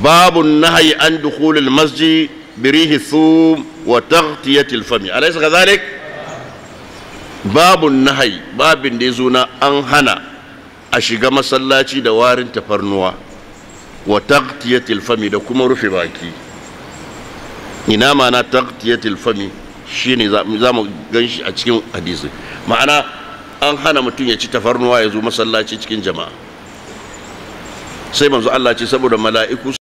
باب النهي عن دخول المسجد بريح الثوم وتغطية الفم أليس كذلك؟ باب النهي باب ديزونا أنهنا أشيغا مسلاتي دوارن تفرنوا وتغطية الفم دكما رفي باكي ina ma'ana taqtiyatil fami shine za mu ganshi a cikin hadisi ma'ana an hana mutum ya ci tafarnuwa ya zo masallaci cikin jama'a sai manzo Allah ce saboda mala'iku